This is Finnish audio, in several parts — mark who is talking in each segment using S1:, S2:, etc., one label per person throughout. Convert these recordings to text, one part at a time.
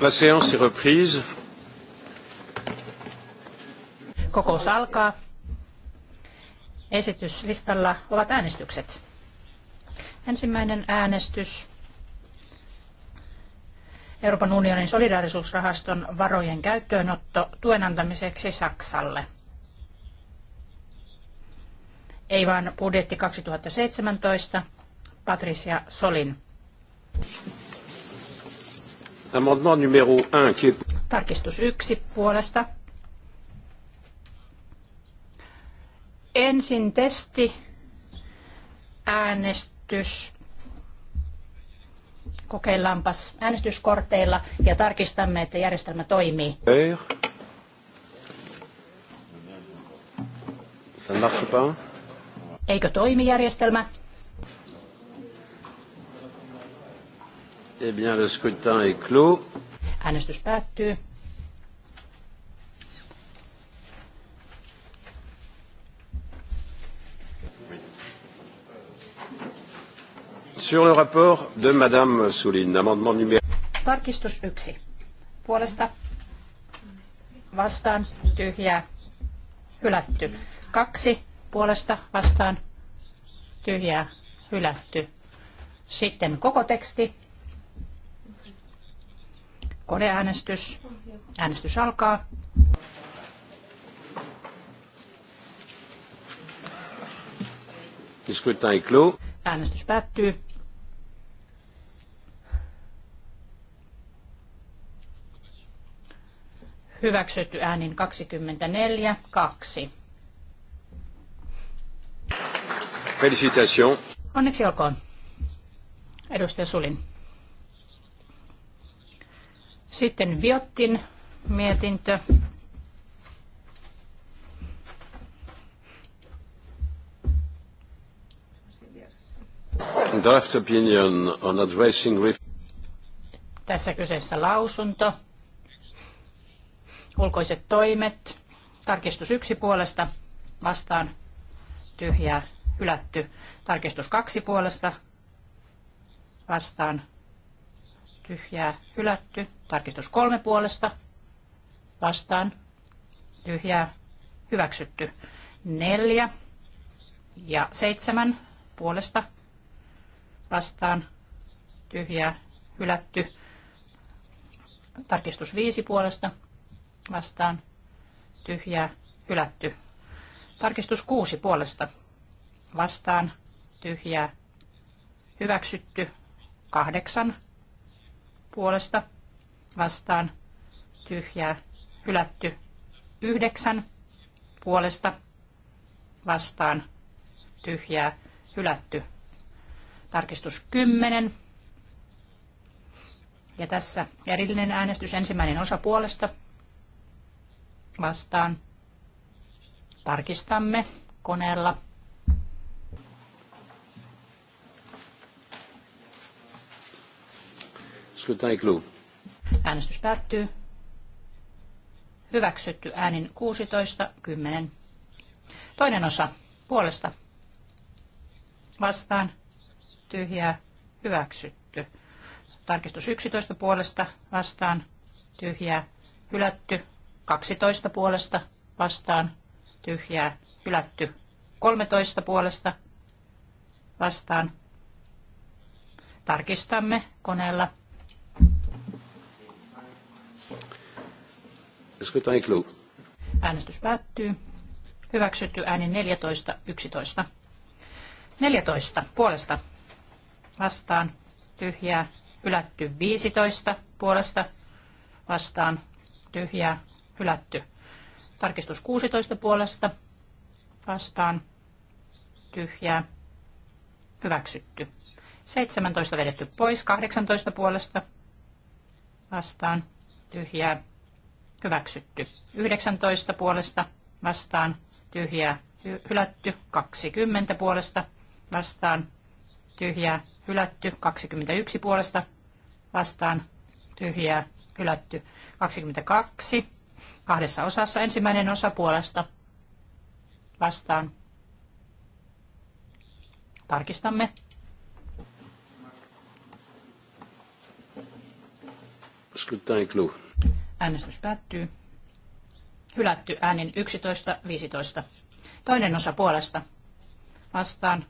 S1: La séance est reprise.
S2: Kokous alkaa. Esityslistalla ovat äänestykset. Ensimmäinen äänestys Euroopan unionin solidaarisuusrahaston varojen käyttöönotto tuen antamiseksi Saksalle. Ei vaan budjetti 2017. Patricia Solin.
S1: Amendement numéro 1.
S2: Tarkistus yksi puolesta. Ensin testi, äänestys. Kokeillaanpas äänestyskorteilla ja tarkistamme, että järjestelmä toimii.
S1: Ei. Ça ne marche pas.
S2: Eikö toimi järjestelmä?
S1: Eh bien, le scrutin est clos.
S2: Äänestys päättyy.
S1: Sur le rapport de Madame Souline, amendement numéro...
S2: Tarkistus 1. Puolesta vastaan tyhjää hylätty. Kaksi puolesta vastaan tyhjää hylätty. Sitten koko teksti
S1: Koneäänestys. Äänestys
S2: alkaa. Äänestys päättyy. Hyväksytty äänin 24, 2.
S1: Felicitations.
S2: Onneksi olkoon. Edustaja Sulin. Sitten Viottin mietintö.
S1: Draft opinion on addressing
S2: Tässä kyseessä lausunto. Ulkoiset toimet. Tarkistus yksi puolesta vastaan tyhjää hylätty. Tarkistus kaksi puolesta vastaan tyhjää, hylätty. Tarkistus kolme puolesta, vastaan, tyhjää, hyväksytty. Neljä ja seitsemän puolesta, vastaan, tyhjää, hylätty. Tarkistus viisi puolesta, vastaan, tyhjää, hylätty. Tarkistus kuusi puolesta, vastaan, tyhjää, hyväksytty. Kahdeksan puolesta vastaan tyhjää hylätty. Yhdeksän puolesta vastaan tyhjää hylätty. Tarkistus kymmenen Ja tässä erillinen äänestys ensimmäinen osa puolesta vastaan. Tarkistamme koneella. scrutin est clos. Äänestys päättyy. Hyväksytty äänin 16, 10. Toinen osa puolesta. Vastaan. Tyhjää. Hyväksytty. Tarkistus 11 puolesta. Vastaan. Tyhjää. Hylätty. 12 puolesta. Vastaan. Tyhjää. Hylätty. 13 puolesta. Vastaan. Tarkistamme koneella
S1: Le scrutin est clos.
S2: Äänestys päättyy. Hyväksytty äänin 14, 11. 14 puolesta vastaan tyhjää, hylätty 15 puolesta vastaan tyhjää, hylätty. Tarkistus 16 puolesta vastaan tyhjää, hyväksytty. 17 vedetty pois, 18 puolesta vastaan tyhjää, hyväksytty. 19 puolesta vastaan tyhjää hylätty. 20 puolesta vastaan tyhjää hylätty. 21 puolesta vastaan tyhjää hylätty. 22 kahdessa osassa ensimmäinen osa puolesta vastaan. Tarkistamme.
S1: Scrutin clos.
S2: Äänestys päättyy. Hylätty äänin 11.15. Toinen osa puolesta. Vastaan.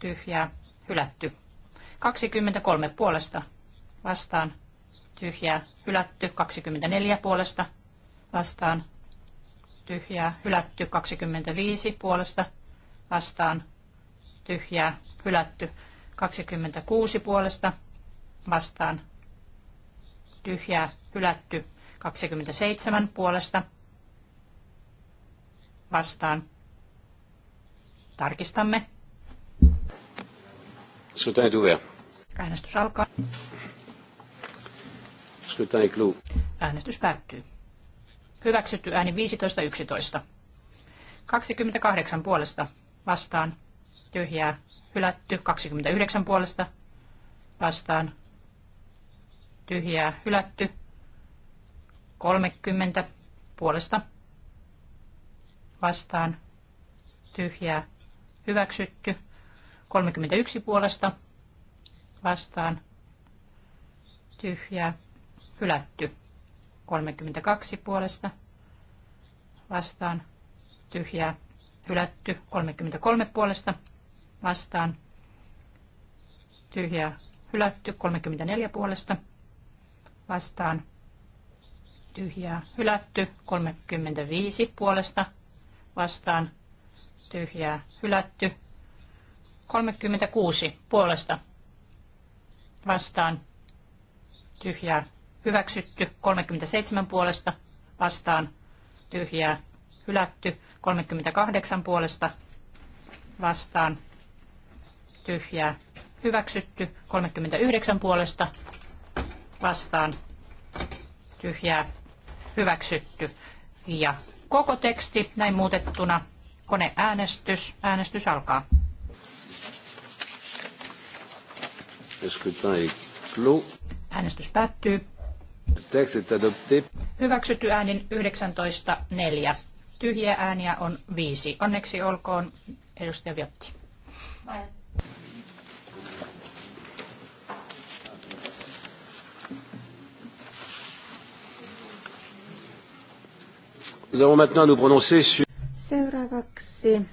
S2: Tyhjää. Hylätty. 23 puolesta. Vastaan. Tyhjää. Hylätty. 24 puolesta. Vastaan. Tyhjää. Hylätty. 25 puolesta. Vastaan. Tyhjää. Hylätty. 26 puolesta. Vastaan tyhjää hylätty 27 puolesta vastaan. Tarkistamme.
S1: Skutain tuvea.
S2: Äänestys alkaa. Skutain est Äänestys päättyy. Hyväksytty ääni 15.11. 28 puolesta vastaan. Tyhjää. Hylätty 29 puolesta vastaan tyhjää hylätty. 30 puolesta vastaan tyhjää hyväksytty. 31 puolesta vastaan tyhjää hylätty. 32 puolesta vastaan tyhjää hylätty. 33 puolesta vastaan tyhjää hylätty. 34 puolesta vastaan, vastaan tyhjää hylätty. 35 puolesta vastaan tyhjää hylätty. 36 puolesta vastaan tyhjää hyväksytty. 37 puolesta vastaan tyhjää hylätty. 38 puolesta vastaan tyhjää hyväksytty. 39 puolesta vastaan tyhjää hyväksytty. Ja koko teksti näin muutettuna koneäänestys. Äänestys alkaa.
S1: Äänestys päättyy.
S2: Hyväksytty äänin 19.4. Tyhjiä ääniä on viisi. Onneksi olkoon edustaja Viotti. Bye.
S1: Nous allons maintenant nous prononcer sur...
S3: Seuraavaksi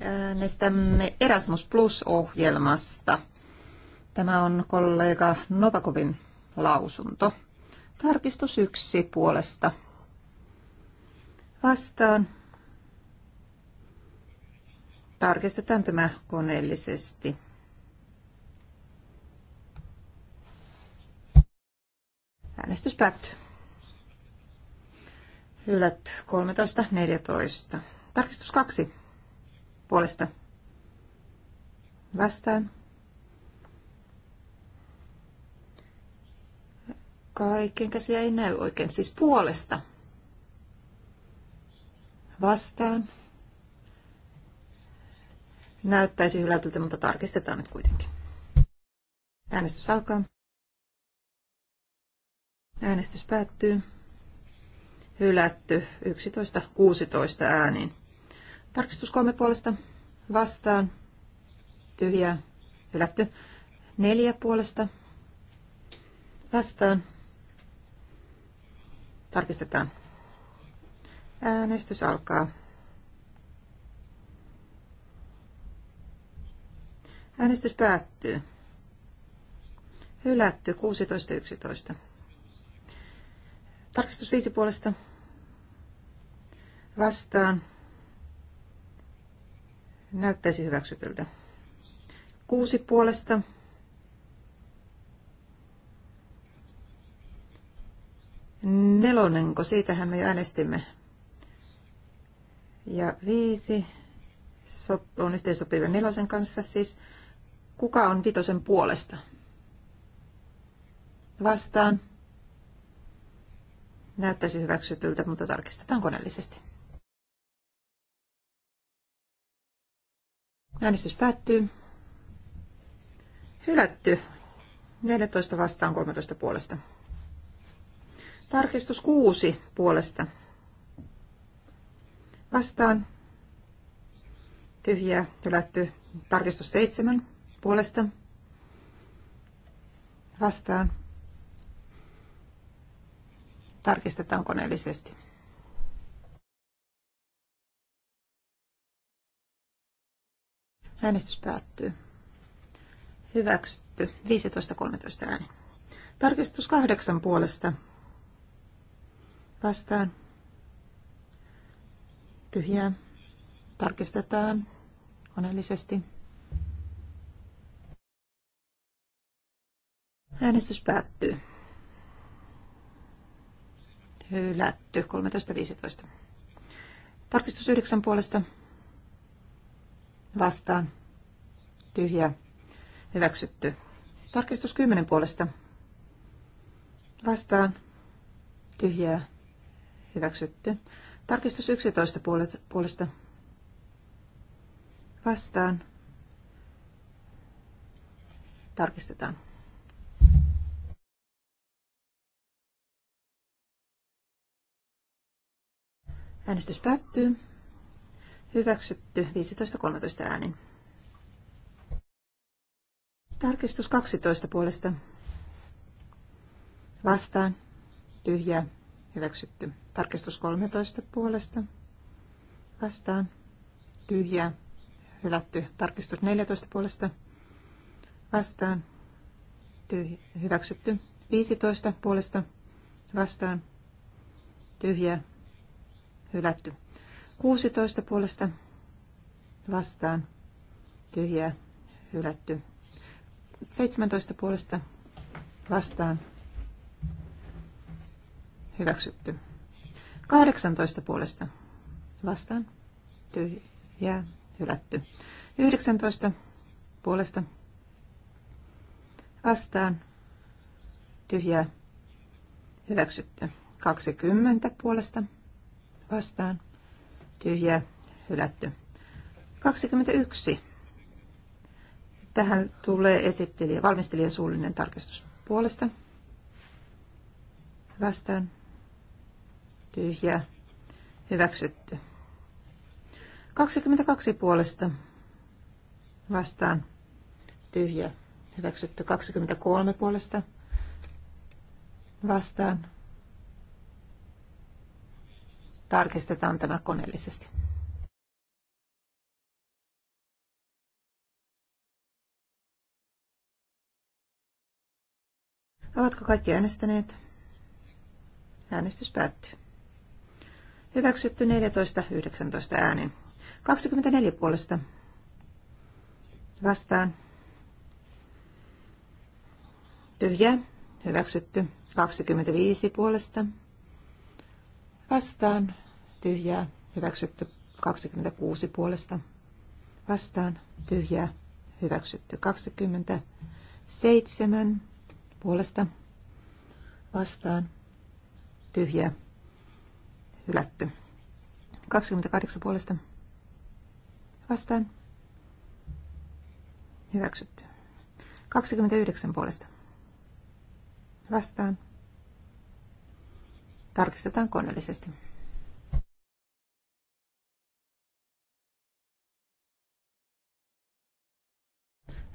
S3: äänestämme Erasmus Plus-ohjelmasta. Tämä on kollega Novakovin lausunto. Tarkistus yksi puolesta. Vastaan. Tarkistetaan tämä koneellisesti. Äänestys päättyy. Hylätty 13, 14. Tarkistus 2. Puolesta. Vastaan. Kaiken käsiä ei näy oikein. Siis puolesta. Vastaan. Näyttäisi hylätyltä, mutta tarkistetaan nyt kuitenkin. Äänestys alkaa. Äänestys päättyy hylätty 11.16 ääniin. Tarkistus kolme puolesta vastaan, tyhjää, hylätty. Neljä puolesta vastaan, tarkistetaan. Äänestys alkaa. Äänestys päättyy. Hylätty 16.11. Tarkistus viisi puolesta vastaan. Näyttäisi hyväksytyltä. Kuusi puolesta. Nelonenko, siitähän me äänestimme. Ja viisi on yhteensopiva nelosen kanssa siis. Kuka on vitosen puolesta? Vastaan. Näyttäisi hyväksytyltä, mutta tarkistetaan koneellisesti. Äänestys päättyy. Hylätty. 14 vastaan 13 puolesta. Tarkistus 6 puolesta. Vastaan. Tyhjää. Hylätty. Tarkistus 7 puolesta. Vastaan. Tarkistetaan koneellisesti. Äänestys päättyy. Hyväksytty. 15.13 ääni. Tarkistus kahdeksan puolesta. Vastaan. Tyhjää. Tarkistetaan koneellisesti. Äänestys päättyy. Hylätty. 13.15. Tarkistus yhdeksän puolesta vastaan tyhjä hyväksytty. Tarkistus 10 puolesta vastaan tyhjää hyväksytty. Tarkistus 11 puolesta vastaan tarkistetaan. Äänestys päättyy. Hyväksytty 15.13 äänin. Tarkistus 12 puolesta. Vastaan. Tyhjä. Hyväksytty. Tarkistus 13 puolesta. Vastaan. Tyhjä. Hylätty. Tarkistus 14 puolesta. Vastaan. Tyhjä. Hyväksytty. 15 puolesta. Vastaan. Tyhjä. Hylätty. 16 puolesta vastaan tyhjä hylätty. 17 puolesta vastaan hyväksytty. 18 puolesta vastaan tyhjä hylätty. 19 puolesta vastaan tyhjää hyväksytty. 20 puolesta vastaan tyhjä, hylätty. 21. Tähän tulee esittelijä, valmistelija suullinen tarkistus puolesta. Vastaan. Tyhjä. Hyväksytty. 22 puolesta. Vastaan. Tyhjä. Hyväksytty. 23 puolesta. Vastaan. Tarkistetaan tämä koneellisesti. Ovatko kaikki äänestäneet? Äänestys päättyy. Hyväksytty 14.19 äänen. 24 puolesta. Vastaan. Tyhjä. Hyväksytty. 25 puolesta. Vastaan. Tyhjää. Hyväksytty 26 puolesta. Vastaan. Tyhjää. Hyväksytty 27 puolesta. Vastaan. Tyhjää. Hylätty. 28 puolesta. Vastaan. Hyväksytty. 29 puolesta. Vastaan. Tarkistetaan koneellisesti.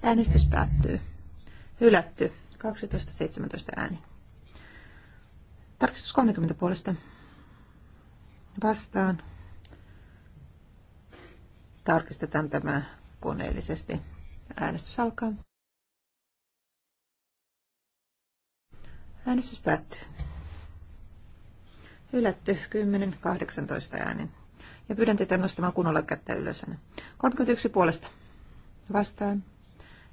S3: Äänestys päättyy. Hylätty. 12.17 ääni. Tarkistus 30 puolesta. Vastaan. Tarkistetaan tämä koneellisesti. Äänestys alkaa. Äänestys päättyy. Hylätty 10, 18 äänen. Ja pyydän teitä nostamaan kunnolla kättä ylös. 31 puolesta. Vastaan.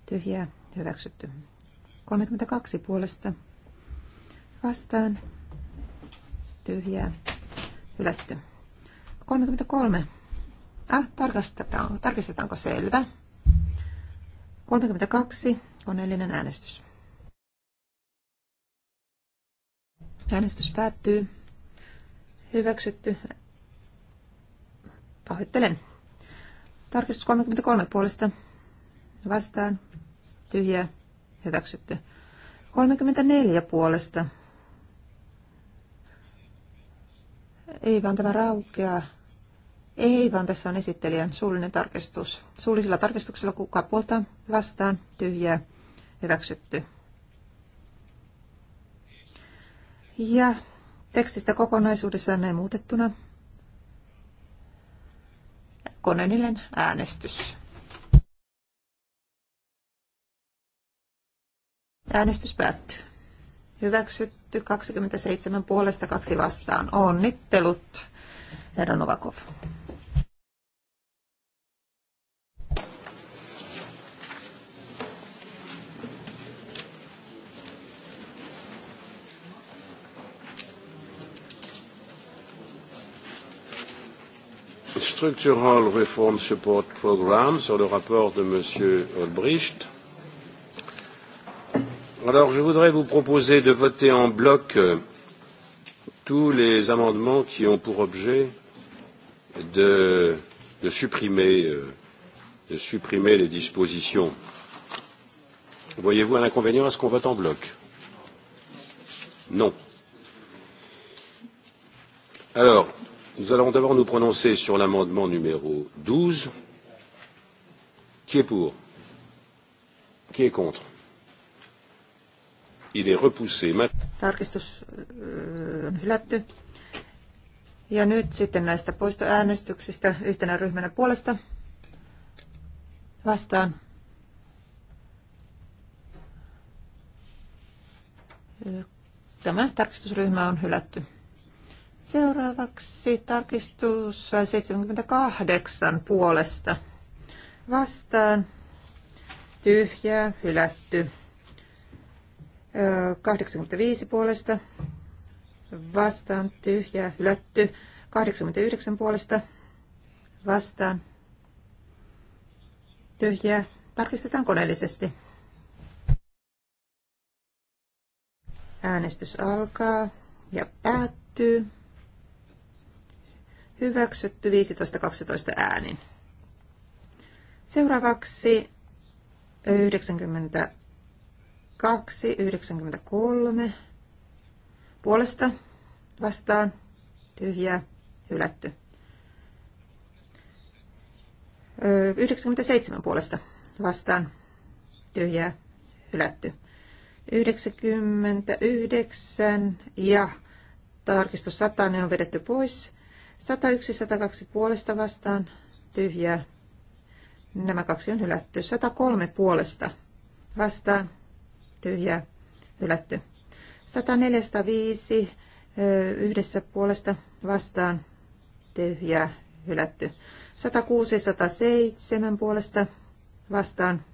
S3: Tyhjää. Hyväksytty. 32 puolesta. Vastaan. Tyhjää. Hylätty. 33. Ah, tarkistetaan, tarkistetaanko selvä. 32. Koneellinen äänestys. Äänestys päättyy. Hyväksytty. Pahoittelen. Tarkistus 33 puolesta. Vastaan. Tyhjä. Hyväksytty. 34 puolesta. Ei vaan tämä raukeaa. Ei vaan tässä on esittelijän suullinen tarkistus. Suullisella tarkistuksella kuka puolta vastaan. Tyhjää. Hyväksytty. Ja tekstistä kokonaisuudessaan näin muutettuna. Konenilen äänestys. Äänestys päättyy. Hyväksytty 27 puolesta kaksi vastaan. Onnittelut, herra Novakov.
S1: Structural Reform Support programme sur le rapport de M. Olbricht. Alors, je voudrais vous proposer de voter en bloc euh, tous les amendements qui ont pour objet de, de, supprimer, euh, de supprimer les dispositions. Voyez-vous un inconvénient à ce qu'on vote en bloc Non. Alors, Nous allons d'abord nous prononcer sur l'amendement numéro 12. Qui est pour Qui est contre Il est repoussé.
S3: Tarkistus äh, on hylätty. Ja nyt sitten näistä poistoäänestyksistä yhtenä ryhmänä puolesta vastaan. Tämä tarkistusryhmä on hylätty. Seuraavaksi tarkistus 78 puolesta. Vastaan. Tyhjää, hylätty. 85 puolesta. Vastaan, tyhjää, hylätty. 89 puolesta. Vastaan. Tyhjää. Tarkistetaan koneellisesti. Äänestys alkaa ja päättyy. Hyväksytty 15-12 äänin. Seuraavaksi 92, 93 puolesta vastaan tyhjää hylätty. 97 puolesta vastaan tyhjää hylätty. 99 ja tarkistus 100 ne on vedetty pois. 101, 102 puolesta vastaan, tyhjää. Nämä kaksi on hylätty. 103 puolesta vastaan, tyhjää, hylätty. 104, yhdessä puolesta vastaan, tyhjää, hylätty. 106, 107 puolesta vastaan,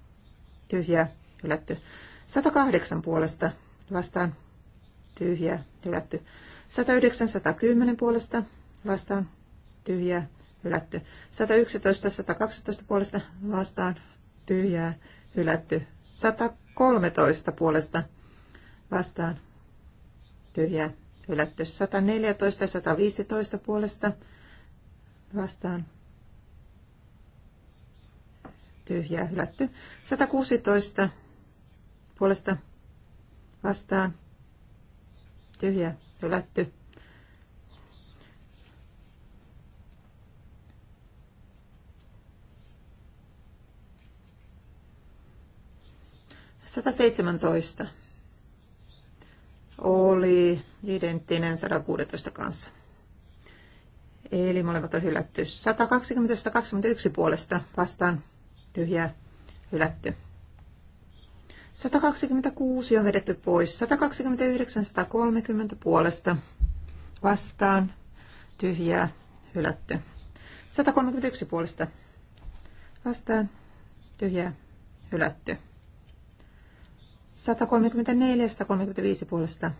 S3: tyhjää, hylätty. 108 puolesta vastaan, tyhjää, hylätty. 109, 110 puolesta vastaan tyhjää hylätty. 111, 112 puolesta vastaan tyhjää hylätty. 113 puolesta vastaan tyhjää hylätty. 114, 115 puolesta vastaan tyhjää hylätty. 116 puolesta vastaan tyhjää hylätty. 117 oli identtinen 116 kanssa. Eli molemmat on hylätty. 120-121 puolesta vastaan tyhjää hylätty. 126 on vedetty pois. 129-130 puolesta vastaan tyhjää hylätty. 131 puolesta vastaan tyhjää hylätty. 134 135 puolesta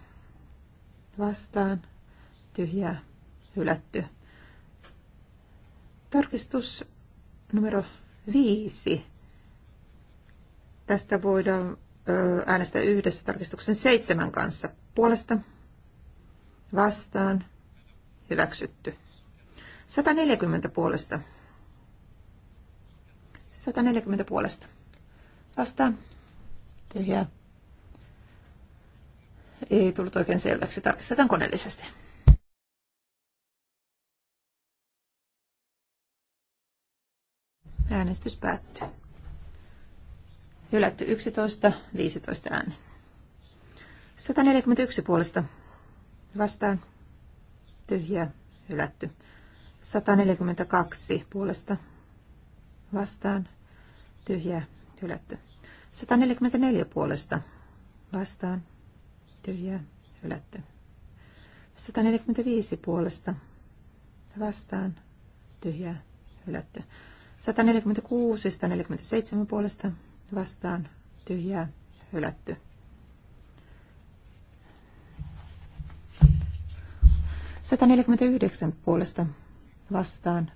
S3: vastaan. Tyhjää hylätty. Tarkistus numero 5. Tästä voidaan äänestää yhdessä tarkistuksen seitsemän kanssa puolesta vastaan hyväksytty. 140 puolesta. 140 puolesta. Vastaan. Tyhjää. Ei tullut oikein selväksi. Tarkistetaan koneellisesti. Äänestys päättyy. Hylätty 11, 15 ääni. 141 puolesta vastaan. Tyhjä, hylätty. 142 puolesta vastaan. Tyhjä, hylätty. 144 puolesta vastaan tyhjää hylätty. 145 puolesta vastaan tyhjä, hylätty. 146, 147 puolesta vastaan tyhjä, hylätty. Sataneljäkymmentäyhdeksän puolesta vastaan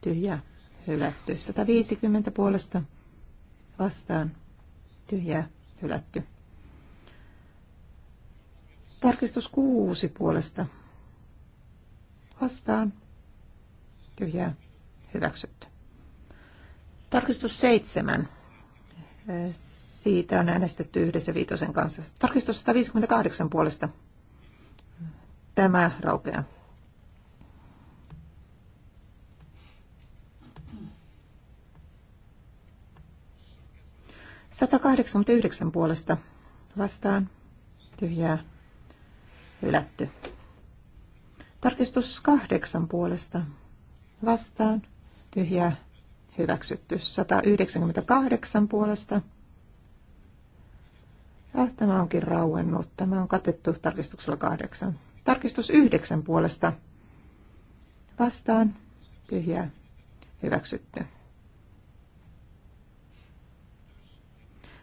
S3: tyhjä, hylätty. viisikymmentä puolesta vastaan tyhjä, hylätty. Tarkistus kuusi puolesta. Vastaan. Tyhjää. Hyväksytty. Tarkistus seitsemän. Siitä on äänestetty yhdessä viitosen kanssa. Tarkistus 158 puolesta. Tämä raukeaa. Satakahdeksankymmentäyhdeksän puolesta vastaan tyhjää Hylätty. Tarkistus kahdeksan puolesta. Vastaan. tyhjä Hyväksytty. 198 puolesta. Ja ah, tämä onkin rauennut. Tämä on katettu tarkistuksella kahdeksan. Tarkistus yhdeksän puolesta. Vastaan. tyhjä Hyväksytty.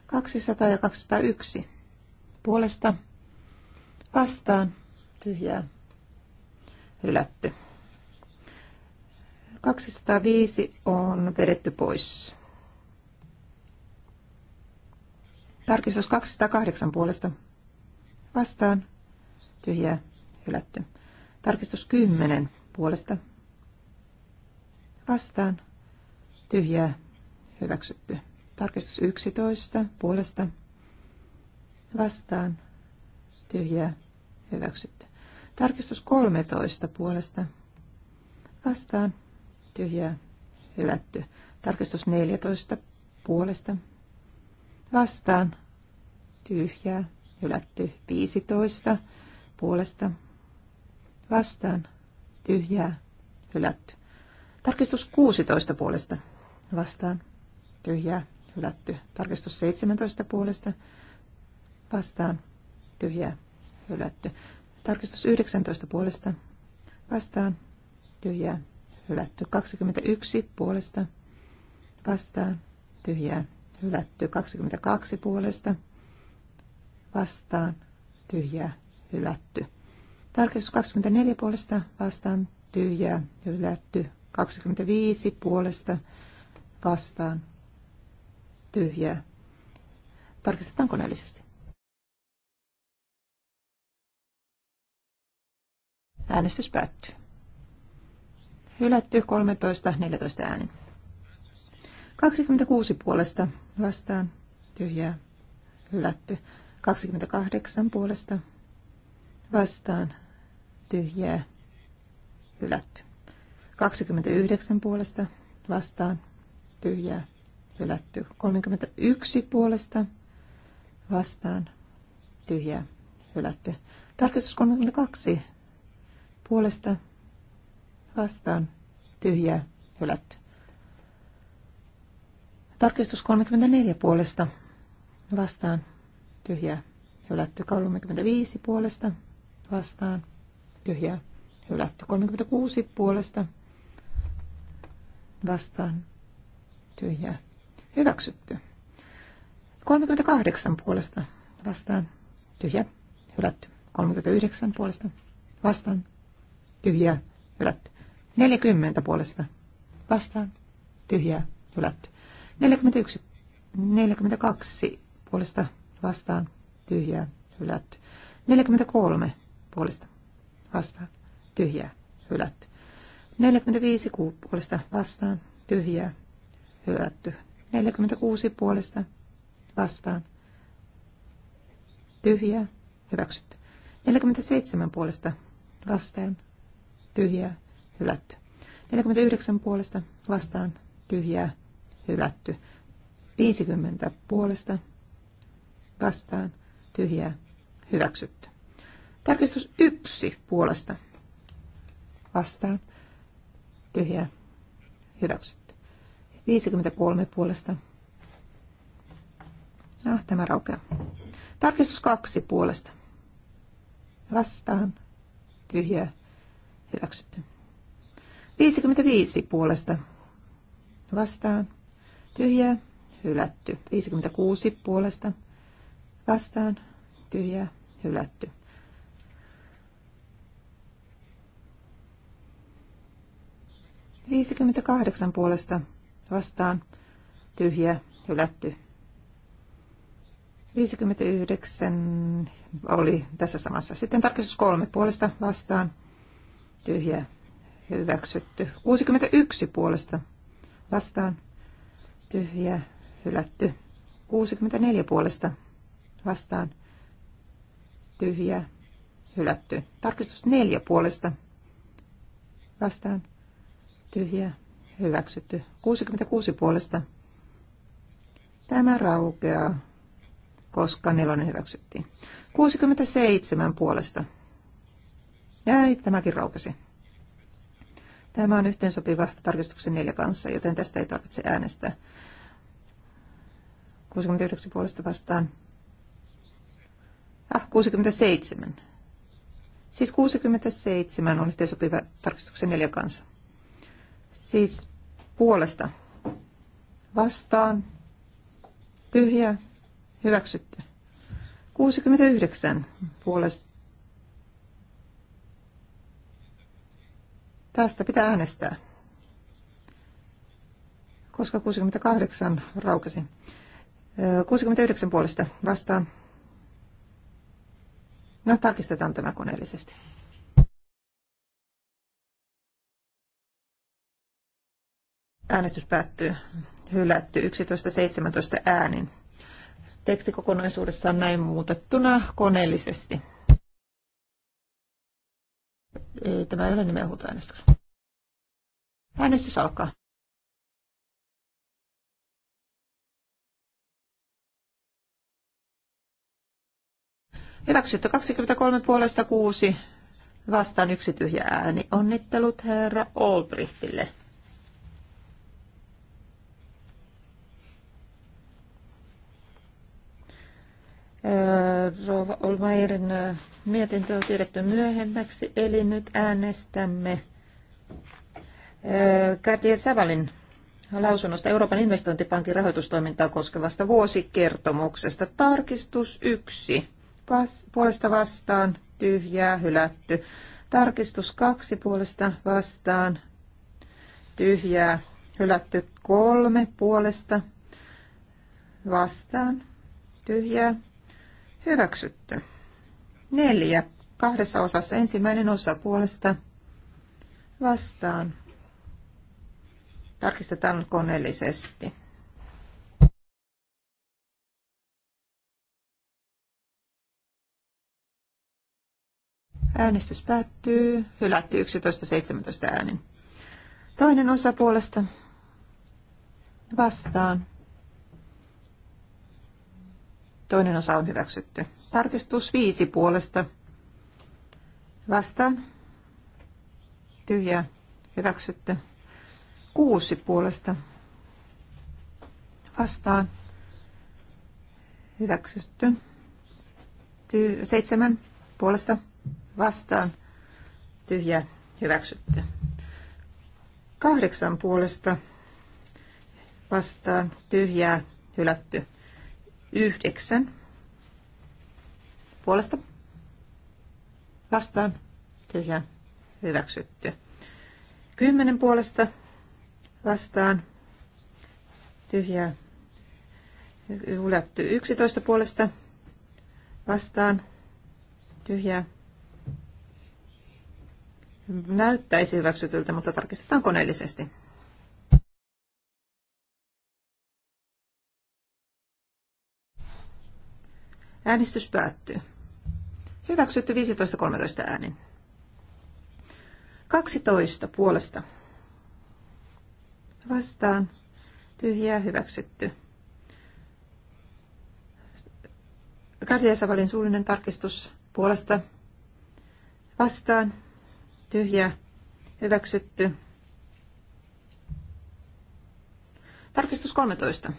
S3: 200 ja 201. Puolesta vastaan tyhjää hylätty. 205 on vedetty pois. Tarkistus 208 puolesta vastaan tyhjää hylätty. Tarkistus 10 puolesta vastaan tyhjää hyväksytty. Tarkistus 11 puolesta vastaan tyhjää hyväksytty. Tarkistus 13 puolesta vastaan tyhjää hylätty. Tarkistus 14 puolesta vastaan tyhjää hylätty. 15 puolesta vastaan tyhjää hylätty. Tarkistus 16 puolesta vastaan tyhjää hylätty. Tarkistus 17 puolesta vastaan tyhjää hylätty. Tarkistus 19 puolesta vastaan tyhjää hylätty. 21 puolesta vastaan tyhjää hylätty. 22 puolesta vastaan tyhjää hylätty. Tarkistus 24 puolesta vastaan tyhjää hylätty. 25 puolesta vastaan tyhjää. Tarkistetaan koneellisesti. Äänestys päättyy. Hylätty 13, 14 äänin. 26 puolesta vastaan tyhjää hylätty. 28 puolesta vastaan tyhjää hylätty. 29 puolesta vastaan tyhjää hylätty. 31 puolesta vastaan tyhjää hylätty. Tarkistus 32 puolesta vastaan tyhjää hylätty. Tarkistus 34 puolesta vastaan tyhjää hylätty. 35 puolesta vastaan tyhjää hylätty. 36 puolesta vastaan tyhjää hyväksytty. 38 puolesta vastaan tyhjä hylätty. 39 puolesta vastaan tyhjää, hylätty. 40 puolesta vastaan, tyhjää, hylätty. 41, 42 puolesta vastaan, tyhjää, hylätty. 43 puolesta vastaan, tyhjää, hylätty. 45 puolesta vastaan, tyhjää, hylätty. 46 puolesta vastaan, tyhjää, hyväksytty. 47 puolesta vastaan, tyhjää, hylätty. 49 puolesta vastaan, tyhjää, hylätty. 50 puolesta vastaan, tyhjää, hyväksytty. Tarkistus 1 puolesta vastaan, tyhjää, hyväksytty. 53 puolesta. Ah, tämä raukeaa. Tarkistus 2 puolesta vastaan, tyhjää, Hyväksytty. 55 puolesta vastaan. tyhjä Hylätty. 56 puolesta vastaan. tyhjä Hylätty. kahdeksan puolesta vastaan tyhjä hylätty. 59 oli tässä samassa. Sitten tarkistus kolme puolesta vastaan tyhjä hyväksytty. 61 puolesta vastaan tyhjä hylätty. 64 puolesta vastaan tyhjä hylätty. Tarkistus 4 puolesta vastaan tyhjä hyväksytty. 66 puolesta tämä raukeaa, koska nelonen hyväksyttiin. 67 puolesta Jäi, tämäkin raukesi. Tämä on yhteensopiva tarkistuksen neljä kanssa, joten tästä ei tarvitse äänestää. 69 puolesta vastaan. Ah, 67. Siis 67 on yhteensopiva tarkistuksen neljä kanssa. Siis puolesta vastaan. Tyhjä. Hyväksytty. 69 puolesta Tästä pitää äänestää, koska 68 raukesi. 69 puolesta vastaan. No, tarkistetaan tämä koneellisesti. Äänestys päättyy. Hylätty 11.17 äänin. Teksti kokonaisuudessaan näin muutettuna koneellisesti. Ei, Tämä ei ole nimenhuutoäänestys. Äänestys alkaa. Hyväksytty 23 puolesta 6 vastaan yksi tyhjä ääni. Onnittelut herra Olbrichtille. Rova Olmairin mietintö on siirretty myöhemmäksi, eli nyt äänestämme Katja Savalin lausunnosta Euroopan investointipankin rahoitustoimintaa koskevasta vuosikertomuksesta. Tarkistus 1. Vas- puolesta vastaan tyhjää hylätty. Tarkistus 2. Puolesta vastaan tyhjää hylätty. 3. Puolesta vastaan tyhjää Hyväksytty. Neljä. Kahdessa osassa ensimmäinen osa puolesta vastaan. Tarkistetaan koneellisesti. Äänestys päättyy. Hylätty 11.17 äänin. Toinen osa puolesta vastaan. Toinen osa on hyväksytty. Tarkistus viisi puolesta. Vastaan. tyhjä Hyväksytty. Kuusi puolesta. Vastaan. Hyväksytty. Ty- seitsemän puolesta. Vastaan. tyhjä Hyväksytty. Kahdeksan puolesta. Vastaan. Tyhjää. Hylätty yhdeksän puolesta vastaan tyhjä hyväksytty. Kymmenen puolesta vastaan Tyhjä. hylätty. Yksitoista puolesta vastaan tyhjä näyttäisi hyväksytyltä, mutta tarkistetaan koneellisesti. Äänestys päättyy. Hyväksytty 15.13 äänin. 12 puolesta. Vastaan. Tyhjää hyväksytty. Kardiasavalin suullinen tarkistus puolesta. Vastaan. Tyhjää hyväksytty. Tarkistus 13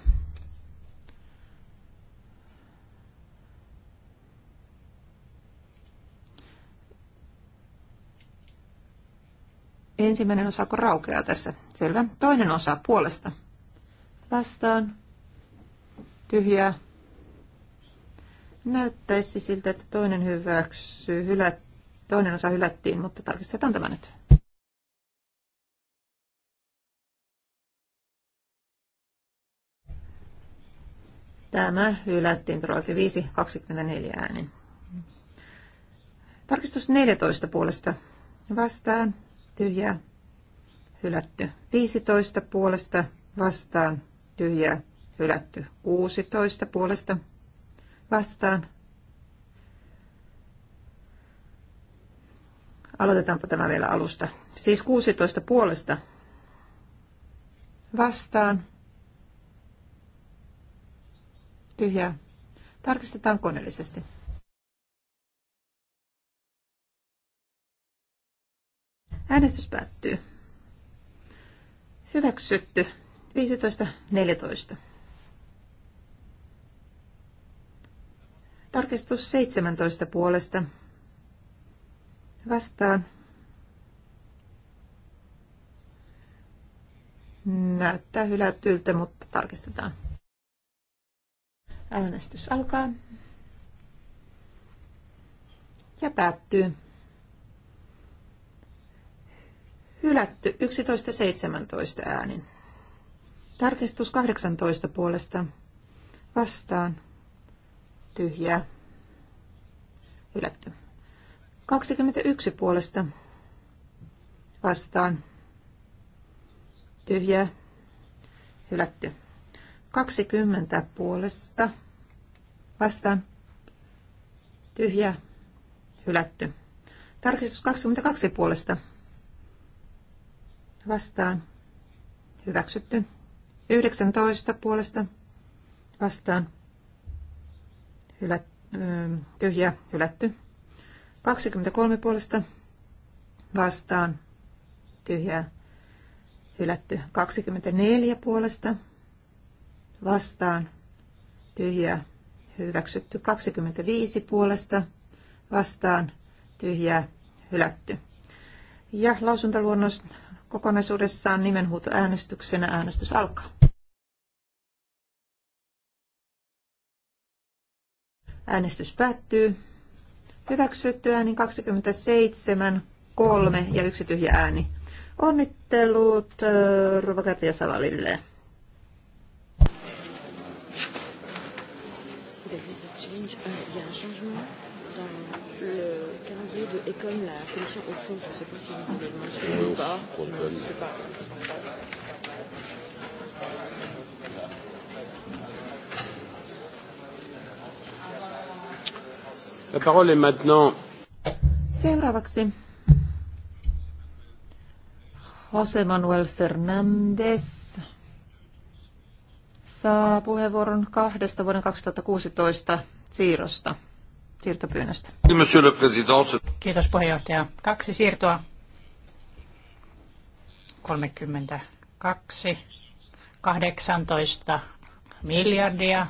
S3: ensimmäinen osako raukeaa tässä. Selvä. Toinen osa puolesta. Vastaan. Tyhjää. Näyttäisi siltä, että toinen hyväksyy, hylä, toinen osa hylättiin, mutta tarkistetaan tämä nyt. Tämä hylättiin todellakin 5.24 äänin. Tarkistus 14 puolesta vastaan tyhjää, hylätty. 15 puolesta vastaan, tyhjää, hylätty. 16 puolesta vastaan. Aloitetaanpa tämä vielä alusta. Siis 16 puolesta vastaan. Tyhjää. Tarkistetaan koneellisesti. Äänestys päättyy. Hyväksytty. 15.14. Tarkistus 17 puolesta. Vastaan. Näyttää hylätyltä, mutta tarkistetaan. Äänestys alkaa. Ja päättyy. Hylätty 11.17 äänin. Tarkistus 18 puolesta. Vastaan. Tyhjää. Hylätty. 21 puolesta. Vastaan. Tyhjää. Hylätty. 20 puolesta. Vastaan. Tyhjää. Hylätty. Tarkistus 22 puolesta vastaan hyväksytty. 19 puolesta vastaan hylät, tyhjä hylätty. 23 puolesta vastaan Tyhjä, hylätty. 24 puolesta vastaan tyhjä hyväksytty. 25 puolesta vastaan tyhjä hylätty. Ja lausuntoluonnos kokonaisuudessaan nimenhuutoäänestyksenä äänestys alkaa. Äänestys päättyy. Hyväksytty ääni 27, 3 ja yksi tyhjä ääni. Onnittelut äh, Ruvakartia Savalille.
S1: There is a change, uh, yeah, changement. 2, et comme la commission au fond, je ne sais pas si vous voulez le mentionner ou pas. non, je ne sais pas. La parole est maintenant.
S3: Seuraavaksi José Manuel Fernández saa puheenvuoron kahdesta vuoden 2016 siirrosta siirtopyynnöstä. Kiitos puheenjohtaja. Kaksi siirtoa.
S2: 32, 18 miljardia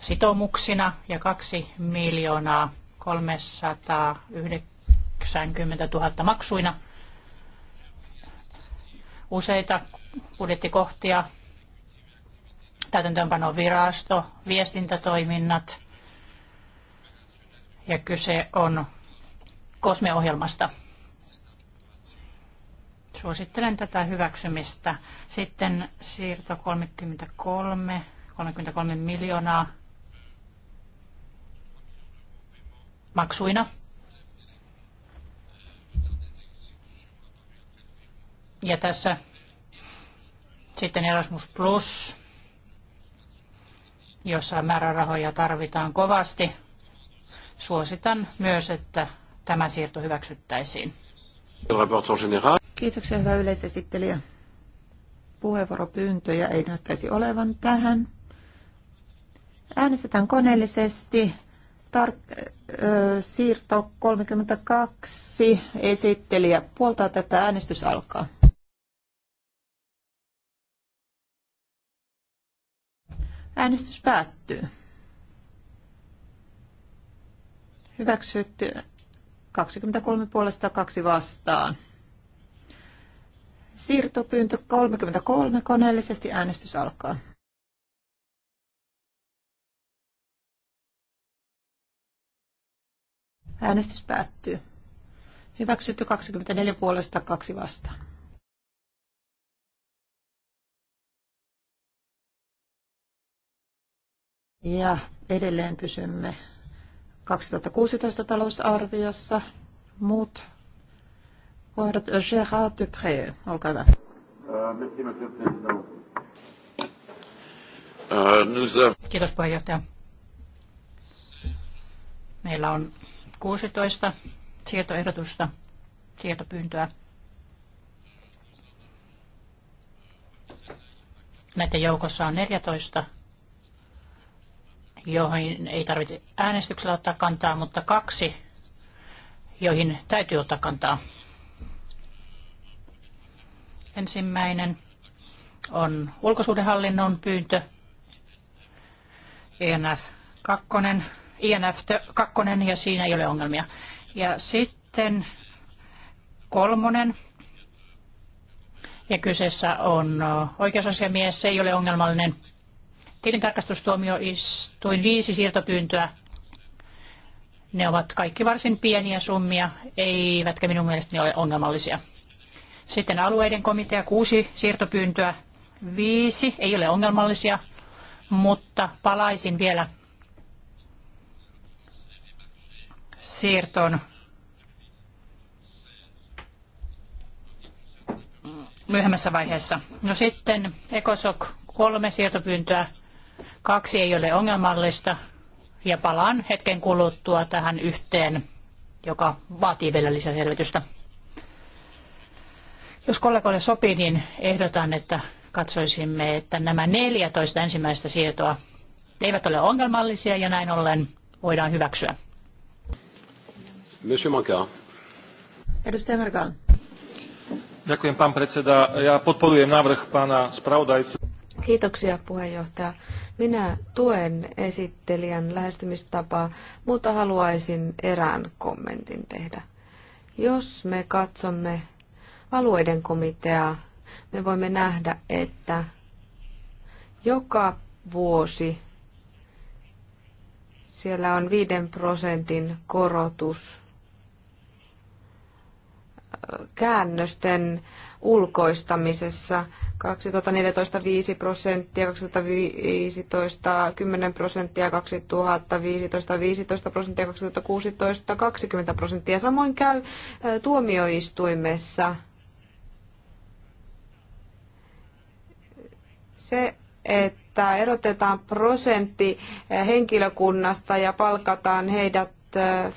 S2: sitoumuksina ja 2 miljoonaa 390 000 maksuina. Useita budjettikohtia, täytäntöönpanovirasto, viestintätoiminnat – ja kyse on kosmeohjelmasta. Suosittelen tätä hyväksymistä. Sitten siirto 33, 33 miljoonaa maksuina. Ja tässä sitten Erasmus Plus, jossa määrärahoja tarvitaan kovasti Suositan myös,
S3: että tämä siirto hyväksyttäisiin. Kiitoksia, hyvä yleisesittelijä. Puheenvuoropyyntöjä ei näyttäisi olevan tähän. Äänestetään koneellisesti. Tar- ö, siirto 32. Esittelijä puoltaa tätä. Äänestys alkaa. Äänestys päättyy. Hyväksytty 23 puolesta kaksi vastaan. Siirtopyyntö 33 koneellisesti äänestys alkaa. Äänestys päättyy. Hyväksytty 24 puolesta kaksi vastaan. Ja edelleen pysymme 2016 talousarviossa. Muut kohdat. Gérard Dupré, olkaa hyvä.
S1: Kiitos
S2: puheenjohtaja. Meillä on 16 siirtoehdotusta, siirtopyyntöä. Näiden joukossa on 14 joihin ei tarvitse äänestyksellä ottaa kantaa, mutta kaksi, joihin täytyy ottaa kantaa. Ensimmäinen on ulkosuhdehallinnon pyyntö, INF 2, INF 2 ja siinä ei ole ongelmia. Ja sitten kolmonen, ja kyseessä on oikeusasiamies, se ei ole ongelmallinen. Tilintarkastustuomioistuin viisi siirtopyyntöä. Ne ovat kaikki varsin pieniä summia, eivätkä minun mielestäni ole ongelmallisia. Sitten alueiden komitea kuusi siirtopyyntöä. Viisi ei ole ongelmallisia, mutta palaisin vielä siirtoon myöhemmässä vaiheessa. No sitten ECOSOC kolme siirtopyyntöä Kaksi ei ole ongelmallista ja palaan hetken kuluttua tähän yhteen, joka vaatii vielä lisäselvitystä. Jos kollegoille sopii, niin ehdotan, että katsoisimme, että nämä 14 ensimmäistä siirtoa eivät ole ongelmallisia ja näin ollen voidaan hyväksyä.
S1: Monsieur Manka.
S4: Edustaja Merkan.
S1: Ja podporujem návrh pana spravodajcu.
S4: Kiitoksia, puheenjohtaja. Minä tuen esittelijän lähestymistapaa, mutta haluaisin erään kommentin tehdä. Jos me katsomme alueiden komiteaa, me voimme nähdä, että joka vuosi siellä on 5 prosentin korotus käännösten ulkoistamisessa 2014 5 prosenttia, 2015 10 prosenttia, 2015 15 prosenttia, 2016 20 prosenttia. Samoin käy tuomioistuimessa. Se, että erotetaan prosentti henkilökunnasta ja palkataan heidät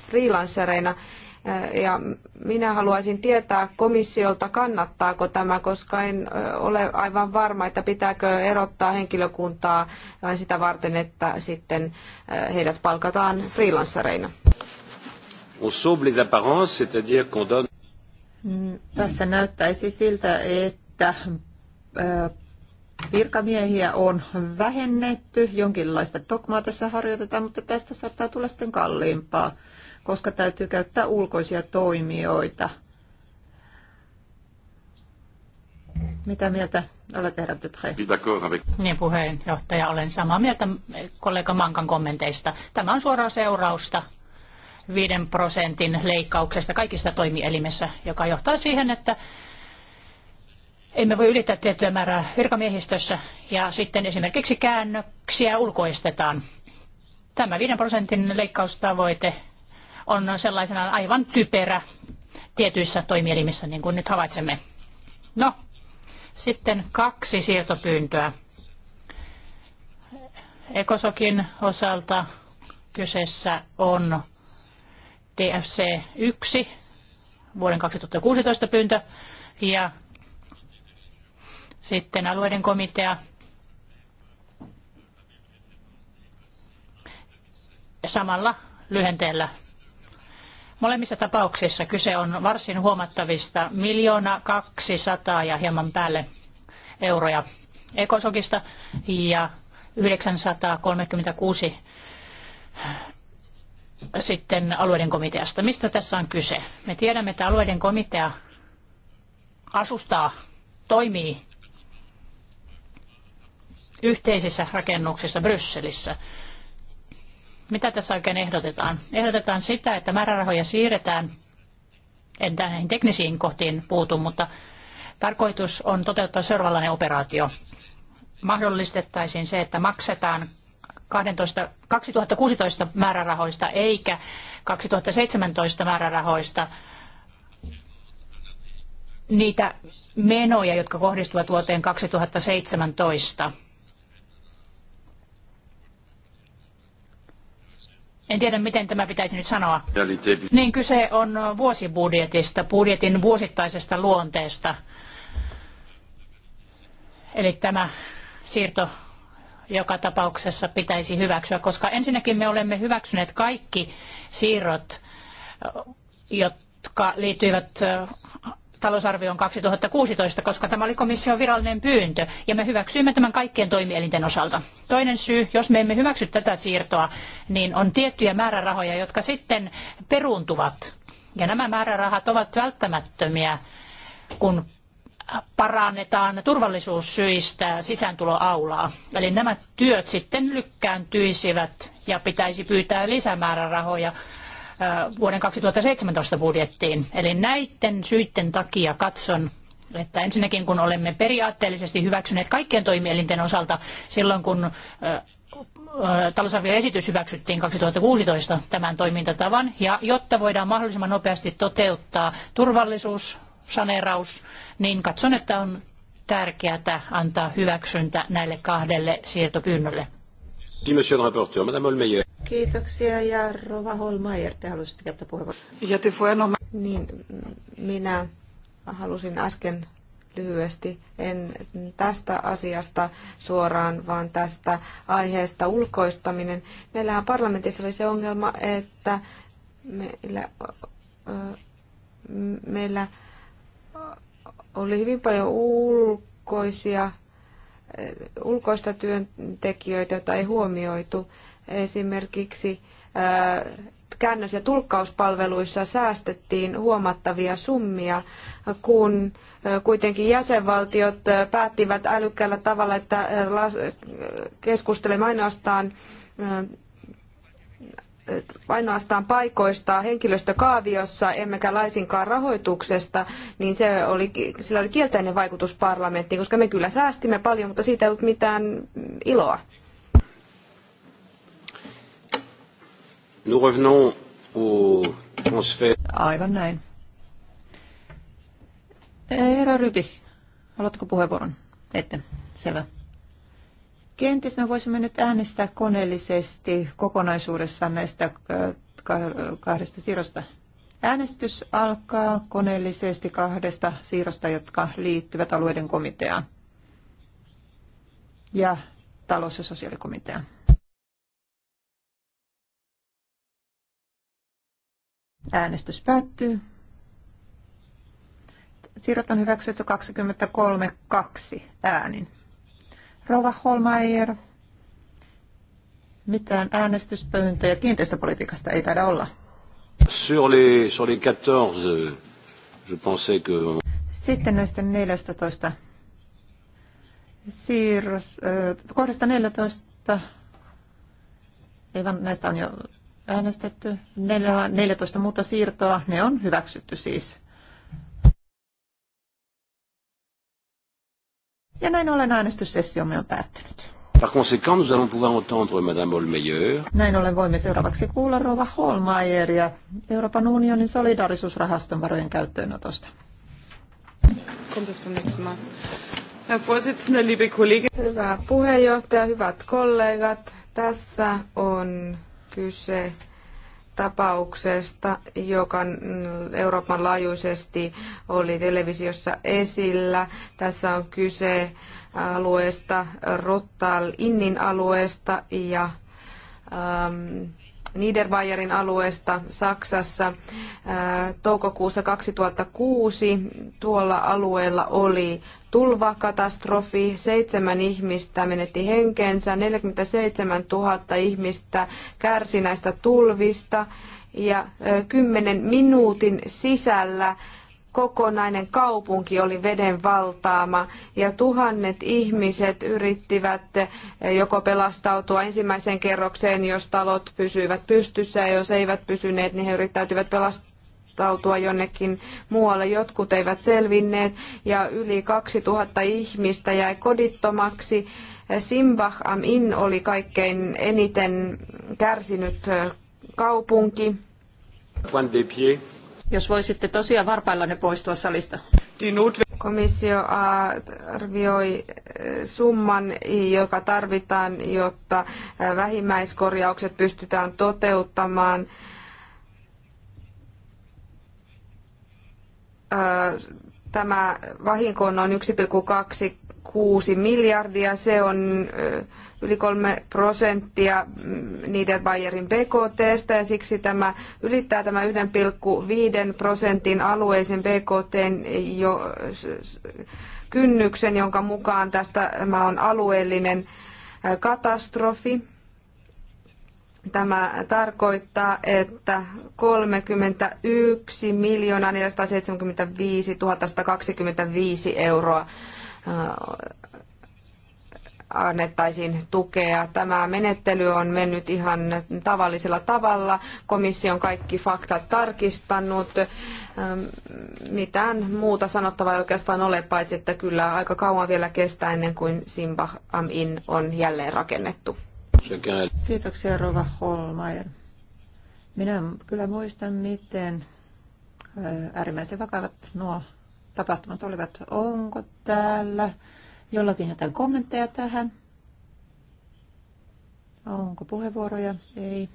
S4: freelancereina, ja minä haluaisin tietää komissiolta, kannattaako tämä, koska en ole aivan varma, että pitääkö erottaa henkilökuntaa vain sitä varten, että sitten heidät palkataan freelancereina. Mm, tässä näyttäisi siltä,
S3: että virkamiehiä on vähennetty, jonkinlaista dogmaa tässä harjoitetaan, mutta tästä saattaa tulla sitten kalliimpaa koska täytyy käyttää ulkoisia toimijoita. Mitä mieltä olet, herra Dupré? Niin, puheenjohtaja, olen samaa mieltä
S2: kollega Mankan kommenteista. Tämä on suoraa seurausta 5 prosentin leikkauksesta kaikista toimielimissä, joka johtaa siihen, että emme voi ylittää tiettyä määrää virkamiehistössä ja sitten esimerkiksi käännöksiä ulkoistetaan. Tämä 5 prosentin leikkaustavoite on sellaisenaan aivan typerä tietyissä toimielimissä, niin kuin nyt havaitsemme. No, sitten kaksi siirtopyyntöä. Ekosokin osalta kyseessä on TFC 1 vuoden 2016 pyyntö ja sitten alueiden komitea samalla lyhenteellä Molemmissa tapauksissa kyse on varsin huomattavista miljoona 200 ja hieman päälle euroja ekosokista ja 936 sitten alueiden komiteasta. Mistä tässä on kyse? Me tiedämme, että alueiden komitea asustaa, toimii yhteisissä rakennuksissa Brysselissä. Mitä tässä oikein ehdotetaan? Ehdotetaan sitä, että määrärahoja siirretään, en näihin teknisiin kohtiin puutu, mutta tarkoitus on toteuttaa seuraavanlainen operaatio. Mahdollistettaisiin se, että maksetaan 12, 2016 määrärahoista eikä 2017 määrärahoista niitä menoja, jotka kohdistuvat vuoteen 2017 En tiedä, miten tämä pitäisi nyt sanoa. Niin kyse on vuosibudjetista, budjetin vuosittaisesta luonteesta. Eli tämä siirto joka tapauksessa pitäisi hyväksyä, koska ensinnäkin me olemme hyväksyneet kaikki siirrot, jotka liittyivät talousarvioon 2016, koska tämä oli komission virallinen pyyntö, ja me hyväksyimme tämän kaikkien toimielinten osalta. Toinen syy, jos me emme hyväksy tätä siirtoa, niin on tiettyjä määrärahoja, jotka sitten peruuntuvat. Ja nämä määrärahat ovat välttämättömiä, kun parannetaan turvallisuussyistä sisääntuloaulaa. Eli nämä työt sitten lykkääntyisivät ja pitäisi pyytää lisämäärärahoja vuoden 2017 budjettiin. Eli näiden syiden takia katson, että ensinnäkin kun olemme periaatteellisesti hyväksyneet kaikkien toimielinten osalta silloin, kun talousarvioesitys hyväksyttiin 2016 tämän toimintatavan, ja jotta voidaan mahdollisimman nopeasti toteuttaa turvallisuus, saneeraus, niin katson, että on tärkeää antaa hyväksyntä näille kahdelle siirtopyynnölle.
S1: monsieur le rapporteur. Madame Olmeyer.
S4: Kiitoksia ja Rova Holmaier, te halusitte käyttää puheenvuoron. Niin, minä halusin äsken lyhyesti, en tästä asiasta suoraan, vaan tästä aiheesta ulkoistaminen. Meillähän parlamentissa oli se ongelma, että meillä, meillä oli hyvin paljon ulkoisia, ulkoista työntekijöitä, joita ei huomioitu. Esimerkiksi äh, käännös- ja tulkkauspalveluissa säästettiin huomattavia summia, kun äh, kuitenkin jäsenvaltiot äh, päättivät älykkäällä tavalla, että keskustelemme ainoastaan ainoastaan paikoista henkilöstökaaviossa, emmekä laisinkaan rahoituksesta, niin se oli, sillä oli kielteinen vaikutus parlamenttiin, koska me kyllä säästimme paljon, mutta siitä ei ollut mitään
S1: iloa. Nous revenons au transfert. Aivan näin.
S3: Herra Rybi, haluatko puheenvuoron? Ette. Selvä. Kenties me voisimme nyt äänestää koneellisesti kokonaisuudessaan näistä äh, kahdesta siirrosta. Äänestys alkaa koneellisesti kahdesta siirrosta, jotka liittyvät alueiden komiteaan ja talous- ja sosiaalikomiteaan. Äänestys päättyy. Siirrot on hyväksytty 232 äänin. Rova Holmeier, mitään äänestyspöyntöjä kiinteistöpolitiikasta ei taida olla.
S1: Sur les, sur les 14, je pensais que...
S3: Sitten näistä 14 siirros, äh, kohdasta 14, ei vaan näistä on jo äänestetty. 14 muuta siirtoa, ne on hyväksytty siis. Ja näin ollen äänestyssessiomme on päättynyt.
S1: Par conséquent, nous allons pouvoir entendre Madame Holmeyer.
S3: Näin ollen voimme seuraavaksi kuulla Rova ja Euroopan unionin solidarisuusrahaston varojen käyttöönotosta.
S4: Hyvä puheenjohtaja, hyvät kollegat. Tässä on kyse tapauksesta, joka Euroopan laajuisesti oli televisiossa esillä. Tässä on kyse alueesta, Rottal Innin alueesta ja ähm, Niederbayerin alueesta Saksassa toukokuussa 2006. Tuolla alueella oli tulvakatastrofi, seitsemän ihmistä menetti henkensä, 47 000 ihmistä kärsi näistä tulvista ja kymmenen minuutin sisällä kokonainen kaupunki oli veden valtaama ja tuhannet ihmiset yrittivät eh, joko pelastautua ensimmäiseen kerrokseen, jos talot pysyivät pystyssä ja jos eivät pysyneet, niin he yrittäytyivät pelastautua jonnekin muualle. Jotkut eivät selvinneet ja yli 2000 ihmistä jäi kodittomaksi. Eh, Simbach am Inn oli kaikkein eniten kärsinyt eh, kaupunki. Jos voisitte tosiaan varpaillanne poistua salista. Komissio arvioi eh, summan, joka tarvitaan, jotta eh, vähimmäiskorjaukset pystytään toteuttamaan. Eh, Tämä vahinko on noin kaksi. 6 miljardia. Se on yli 3 prosenttia mm, Niederbayerin BKT, BKTstä ja siksi tämä ylittää tämä 1,5 prosentin alueisen BKT jo kynnyksen, jonka mukaan tästä tämä on alueellinen katastrofi. Tämä tarkoittaa, että 31 miljoonaa 475 125 euroa Äh, annettaisiin tukea. Tämä menettely on mennyt ihan tavallisella tavalla. Komissio on kaikki faktat tarkistanut. Ähm, mitään muuta sanottavaa ei oikeastaan ole, paitsi että kyllä aika kauan vielä kestää ennen kuin Simba Amin on jälleen rakennettu. Kiitoksia Rova Holmeier. Minä
S3: kyllä muistan, miten äh, äärimmäisen vakavat nuo tapahtumat olivat. Onko täällä jollakin jotain kommentteja tähän? Onko puheenvuoroja? Ei.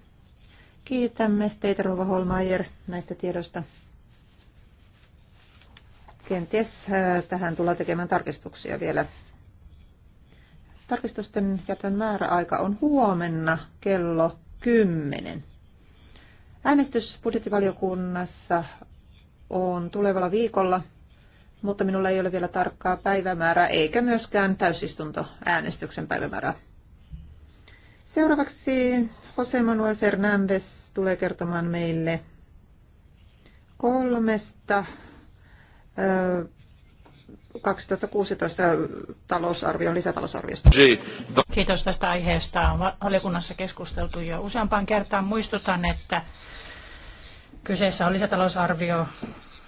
S3: Kiitämme teitä, Rova Holmeier, näistä tiedoista. Kenties äh, tähän tullaan tekemään tarkistuksia vielä. Tarkistusten jätön määräaika on huomenna kello 10. Äänestys budjettivaliokunnassa on tulevalla viikolla mutta minulla ei ole vielä tarkkaa päivämäärää eikä myöskään täysistunto äänestyksen päivämäärää. Seuraavaksi Jose Manuel Fernandes tulee kertomaan meille kolmesta 2016 talousarvion lisätalousarviosta.
S2: Kiitos tästä aiheesta. On valiokunnassa keskusteltu jo useampaan kertaan. Muistutan, että kyseessä on lisätalousarvio,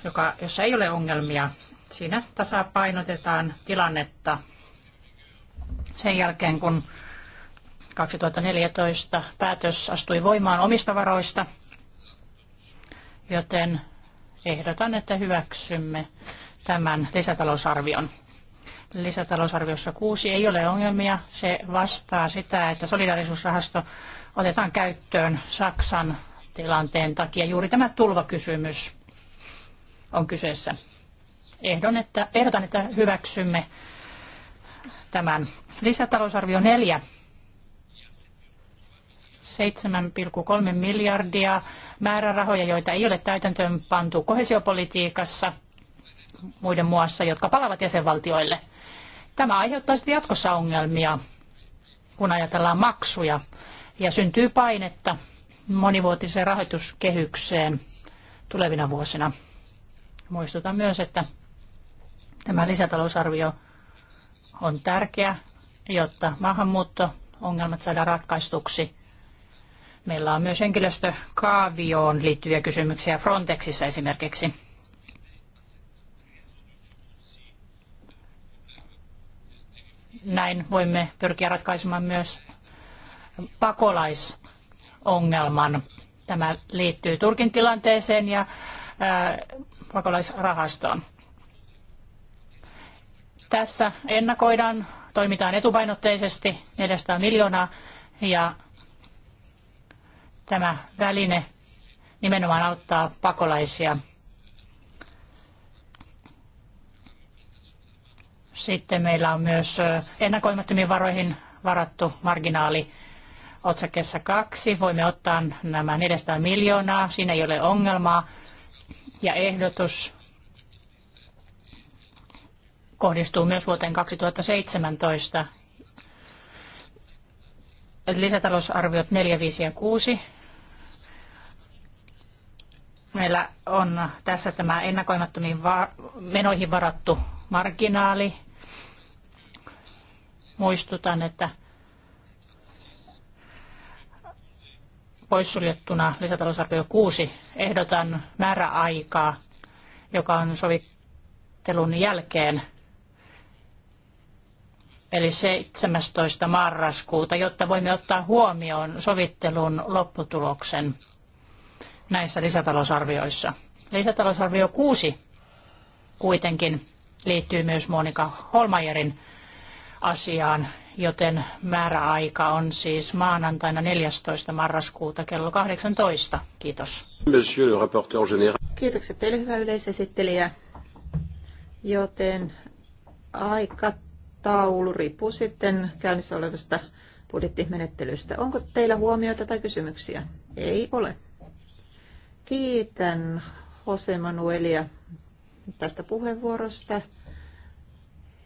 S2: joka, jossa ei ole ongelmia Siinä tasapainotetaan tilannetta sen jälkeen, kun 2014 päätös astui voimaan omista varoista, joten ehdotan, että hyväksymme tämän lisätalousarvion. Lisätalousarviossa kuusi ei ole ongelmia. Se vastaa sitä, että solidarisuusrahasto otetaan käyttöön Saksan tilanteen takia. Juuri tämä tulvakysymys on kyseessä. Ehdon, että, ehdotan, että hyväksymme tämän lisätalousarvio 4 7,3 miljardia määrärahoja, joita ei ole täytäntöön pantu kohesiopolitiikassa muiden muassa, jotka palavat jäsenvaltioille. Tämä aiheuttaa sitten jatkossa ongelmia, kun ajatellaan maksuja ja syntyy painetta monivuotiseen rahoituskehykseen tulevina vuosina. Muistutan myös, että Tämä lisätalousarvio on tärkeä, jotta maahanmuutto-ongelmat saadaan ratkaistuksi. Meillä on myös henkilöstökaavioon liittyviä kysymyksiä Frontexissa esimerkiksi. Näin voimme pyrkiä ratkaisemaan myös pakolaisongelman. Tämä liittyy Turkin tilanteeseen ja pakolaisrahastoon. Tässä ennakoidaan, toimitaan etupainotteisesti 400 miljoonaa ja tämä väline nimenomaan auttaa pakolaisia. Sitten meillä on myös ennakoimattomiin varoihin varattu marginaali otsakkeessa kaksi. Voimme ottaa nämä 400 miljoonaa, siinä ei ole ongelmaa. Ja ehdotus kohdistuu myös vuoteen 2017. Lisätalousarviot 4, 5 ja 6. Meillä on tässä tämä ennakoimattomiin menoihin varattu marginaali. Muistutan, että poissuljettuna lisätalousarvio 6 ehdotan määräaikaa, joka on sovittelun jälkeen eli 17. marraskuuta, jotta voimme ottaa huomioon sovittelun lopputuloksen näissä lisätalousarvioissa. Lisätalousarvio 6 kuitenkin liittyy myös Monika Holmajerin asiaan, joten määräaika on siis maanantaina 14. marraskuuta kello 18. Kiitos.
S1: Monsieur le rapporteur général.
S3: Kiitokset teille, hyvä yleisesittelijä. Joten aika taulu riippuu sitten käynnissä olevasta budjettimenettelystä. Onko teillä huomioita tai kysymyksiä? Ei ole. Kiitän Jose Manuelia tästä puheenvuorosta.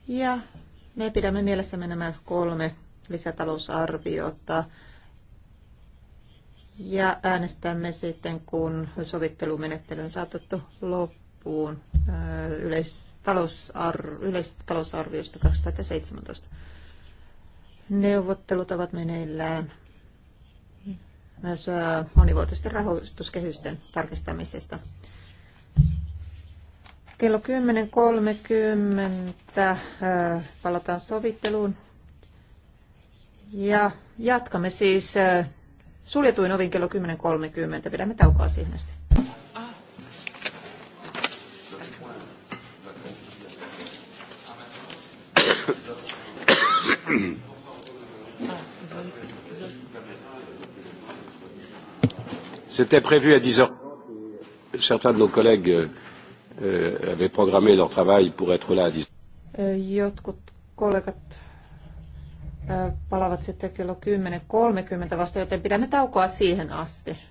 S3: Ja me pidämme mielessämme nämä kolme lisätalousarviota. Ja äänestämme sitten, kun sovittelumenettely on saatettu loppuun loppuun äh, yleistalousarviosta 2017. Neuvottelut ovat meneillään myös äh, monivuotisten rahoituskehysten tarkistamisesta. Kello 10.30 äh, palataan sovitteluun ja jatkamme siis suljetuin ovin kello 10.30. Pidämme taukoa siihen asti.
S1: C'était prévu à 10h. Certains de nos collègues euh, euh, avaient programmé leur travail pour être là à 10h.
S3: Euh, jotkut kollegat euh, palavat sitten kello 10.30 vasta, joten pidämme taukoa siihen asti.